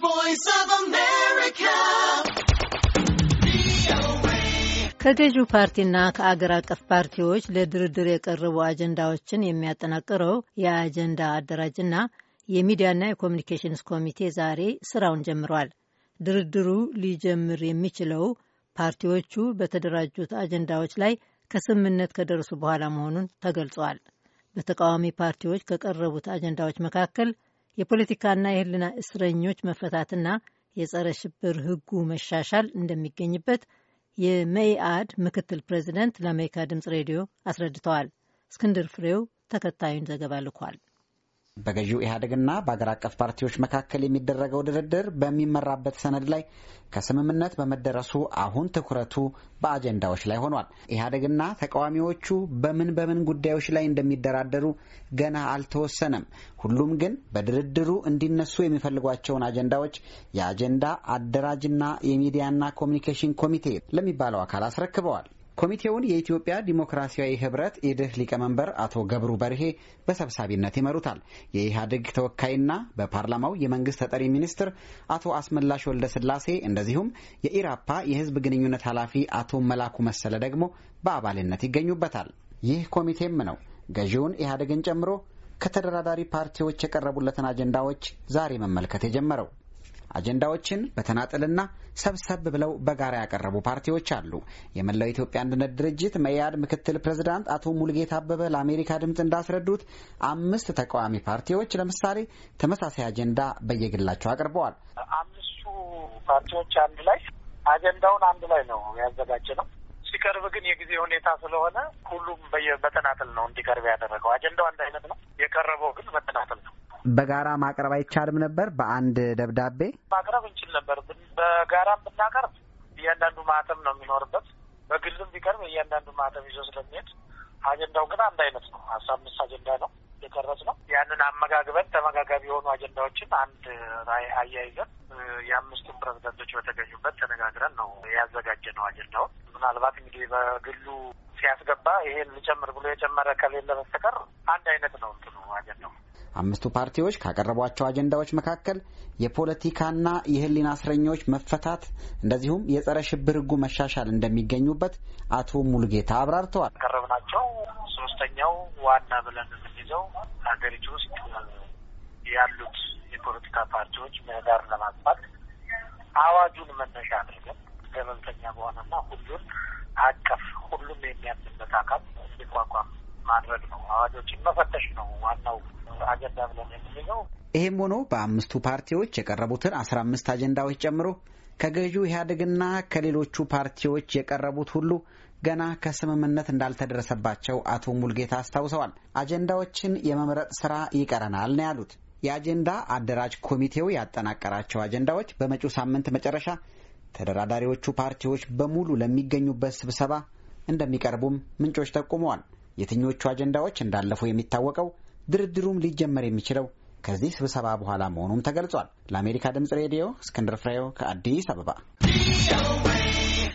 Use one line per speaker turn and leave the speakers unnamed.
voice of America. ከገዢው ፓርቲና ከአገር አቀፍ ፓርቲዎች ለድርድር የቀረቡ አጀንዳዎችን የሚያጠናቅረው የአጀንዳ አደራጅና የሚዲያና የኮሚኒኬሽንስ ኮሚቴ ዛሬ ስራውን ጀምሯል። ድርድሩ ሊጀምር የሚችለው ፓርቲዎቹ በተደራጁት አጀንዳዎች ላይ ከስምምነት ከደረሱ በኋላ መሆኑን ተገልጿል። በተቃዋሚ ፓርቲዎች ከቀረቡት አጀንዳዎች መካከል የፖለቲካና የህልና እስረኞች መፈታትና የጸረ ሽብር ህጉ መሻሻል እንደሚገኝበት የመኢአድ ምክትል ፕሬዚደንት ለአሜሪካ ድምፅ ሬዲዮ አስረድተዋል። እስክንድር ፍሬው ተከታዩን ዘገባ ልኳል።
በገዢው ኢህአዴግና በአገር አቀፍ ፓርቲዎች መካከል የሚደረገው ድርድር በሚመራበት ሰነድ ላይ ከስምምነት በመደረሱ አሁን ትኩረቱ በአጀንዳዎች ላይ ሆኗል። ኢህአዴግና ተቃዋሚዎቹ በምን በምን ጉዳዮች ላይ እንደሚደራደሩ ገና አልተወሰነም። ሁሉም ግን በድርድሩ እንዲነሱ የሚፈልጓቸውን አጀንዳዎች የአጀንዳ አደራጅና የሚዲያና ኮሚኒኬሽን ኮሚቴ ለሚባለው አካል አስረክበዋል። ኮሚቴውን የኢትዮጵያ ዲሞክራሲያዊ ህብረት ኢድህ ሊቀመንበር አቶ ገብሩ በርሄ በሰብሳቢነት ይመሩታል። የኢህአዴግ ተወካይና በፓርላማው የመንግስት ተጠሪ ሚኒስትር አቶ አስመላሽ ወልደ ስላሴ እንደዚሁም የኢራፓ የህዝብ ግንኙነት ኃላፊ አቶ መላኩ መሰለ ደግሞ በአባልነት ይገኙበታል። ይህ ኮሚቴም ነው ገዢውን ኢህአዴግን ጨምሮ ከተደራዳሪ ፓርቲዎች የቀረቡለትን አጀንዳዎች ዛሬ መመልከት የጀመረው። አጀንዳዎችን በተናጠልና ሰብሰብ ብለው በጋራ ያቀረቡ ፓርቲዎች አሉ። የመላው ኢትዮጵያ አንድነት ድርጅት መኢአድ ምክትል ፕሬዝዳንት አቶ ሙልጌታ አበበ ለአሜሪካ ድምፅ እንዳስረዱት አምስት ተቃዋሚ ፓርቲዎች ለምሳሌ ተመሳሳይ አጀንዳ በየግላቸው አቅርበዋል።
አምስቱ ፓርቲዎች አንድ ላይ አጀንዳውን አንድ ላይ ነው ያዘጋጀ ነው ሲቀርብ ግን የጊዜ ሁኔታ ስለሆነ ሁሉም በተናጠል ነው እንዲቀርብ ያደረገው። አጀንዳው አንድ አይነት ነው፣ የቀረበው ግን በተናጠል ነው።
በጋራ ማቅረብ አይቻልም ነበር? በአንድ ደብዳቤ
ማቅረብ እንችል ነበር። በጋራ ብናቀርብ እያንዳንዱ ማተም ነው የሚኖርበት። በግልም ቢቀርብ እያንዳንዱ ማተም ይዞ ስለሚሄድ አጀንዳው ግን አንድ አይነት ነው። አስራ አምስት አጀንዳ ነው የቀረጽ ነው። ያንን አመጋግበን ተመጋጋቢ የሆኑ አጀንዳዎችን አንድ ራይ አያይዘን የአምስቱን ፕሬዚደንቶች በተገኙበት ተነጋግረን ነው ያዘጋጀ ነው አጀንዳውን። ምናልባት እንግዲህ በግሉ ሲያስገባ ይሄን ልጨምር ብሎ የጨመረ ከሌለ በስተቀር አንድ አይነት ነው እንትኑ አጀንዳው።
አምስቱ ፓርቲዎች ካቀረቧቸው አጀንዳዎች መካከል የፖለቲካና የሕሊና እስረኞች መፈታት እንደዚሁም የጸረ ሽብር ሕጉ መሻሻል እንደሚገኙበት አቶ ሙሉጌታ አብራርተዋል።
ያቀረብናቸው ሶስተኛው ዋና ብለን የምንይዘው ሀገሪቱ ውስጥ ያሉት የፖለቲካ ፓርቲዎች ምህዳር ለማጥፋት አዋጁን መነሻ አድርገን ገለልተኛ በሆነና ሁሉን አቀፍ ሁሉም የሚያምንበት አካል እንዲቋቋም ማድረግ ነው። አዋጆችን መፈተሽ ነው ዋናው አጀንዳ ብለን የምንይዘው።
ይህም ሆኖ በአምስቱ ፓርቲዎች የቀረቡትን አስራ አምስት አጀንዳዎች ጨምሮ ከገዢው ኢህአዴግና ከሌሎቹ ፓርቲዎች የቀረቡት ሁሉ ገና ከስምምነት እንዳልተደረሰባቸው አቶ ሙልጌታ አስታውሰዋል። አጀንዳዎችን የመምረጥ ስራ ይቀረናል ነው ያሉት። የአጀንዳ አደራጅ ኮሚቴው ያጠናቀራቸው አጀንዳዎች በመጪው ሳምንት መጨረሻ ተደራዳሪዎቹ ፓርቲዎች በሙሉ ለሚገኙበት ስብሰባ እንደሚቀርቡም ምንጮች ጠቁመዋል። የትኞቹ አጀንዳዎች እንዳለፉ የሚታወቀው ድርድሩም ሊጀመር የሚችለው ከዚህ ስብሰባ በኋላ መሆኑም ተገልጿል። ለአሜሪካ ድምጽ ሬዲዮ እስክንድር ፍሬው ከአዲስ አበባ